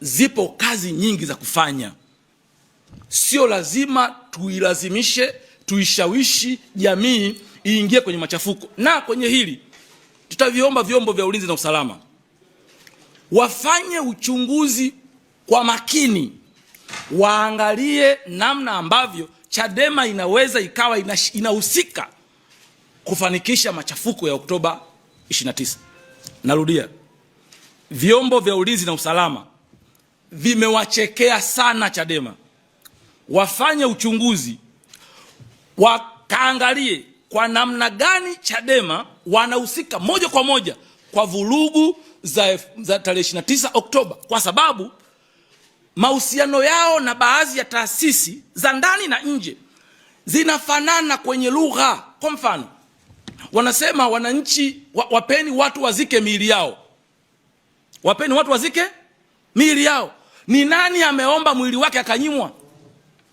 zipo kazi nyingi za kufanya, sio lazima tuilazimishe, tuishawishi jamii iingie kwenye machafuko. Na kwenye hili tutaviomba vyombo vya ulinzi na usalama wafanye uchunguzi kwa makini, waangalie namna ambavyo Chadema inaweza ikawa inahusika kufanikisha machafuko ya Oktoba 29. Narudia, vyombo vya ulinzi na usalama vimewachekea sana Chadema, wafanye uchunguzi, wakaangalie kwa namna gani Chadema wanahusika moja kwa moja kwa vurugu za, za tarehe 29 Oktoba, kwa sababu mahusiano yao na baadhi ya taasisi za ndani na nje zinafanana kwenye lugha. Kwa mfano, wanasema wananchi wapeni watu wazike miili yao, wapeni watu wazike miili yao. Ni nani ameomba mwili wake akanyimwa?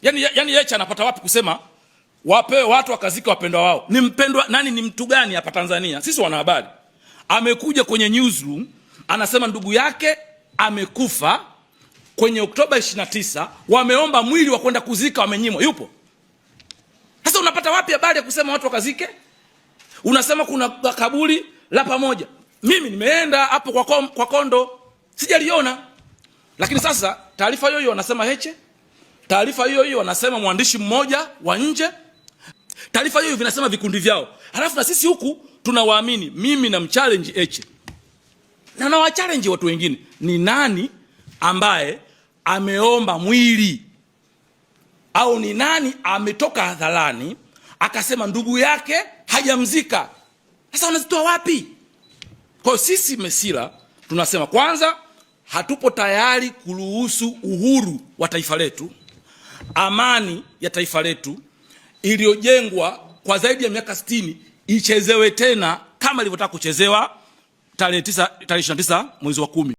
Yaani yaani Heche anapata wapi kusema wapewe watu wakazika wapendwa wao? Ni mpendwa nani? Ni mtu gani hapa Tanzania? Sisi wanahabari. Amekuja kwenye newsroom anasema ndugu yake amekufa kwenye Oktoba 29, wameomba mwili wa kwenda kuzika wamenyimwa. Yupo? Sasa unapata wapi habari ya kusema watu wakazike? Unasema kuna kaburi la pamoja. Mimi nimeenda hapo kwa, kwa Kondo sijaliona. Lakini sasa taarifa hiyo hiyo wanasema Heche, taarifa hiyo hiyo wanasema mwandishi mmoja wa nje, taarifa hiyo vinasema vikundi vyao, halafu na sisi huku tunawaamini. Mimi na mchallenge Heche na na wachallenge watu wengine, ni nani ambaye ameomba mwili au ni nani ametoka hadharani akasema ndugu yake hajamzika? Sasa wanazitoa wapi? Kwa hiyo sisi Mesila tunasema kwanza hatupo tayari kuruhusu uhuru wa taifa letu, amani ya taifa letu iliyojengwa kwa zaidi ya miaka sitini ichezewe tena kama ilivyotaka kuchezewa tarehe 9 tarehe 29 mwezi wa kumi.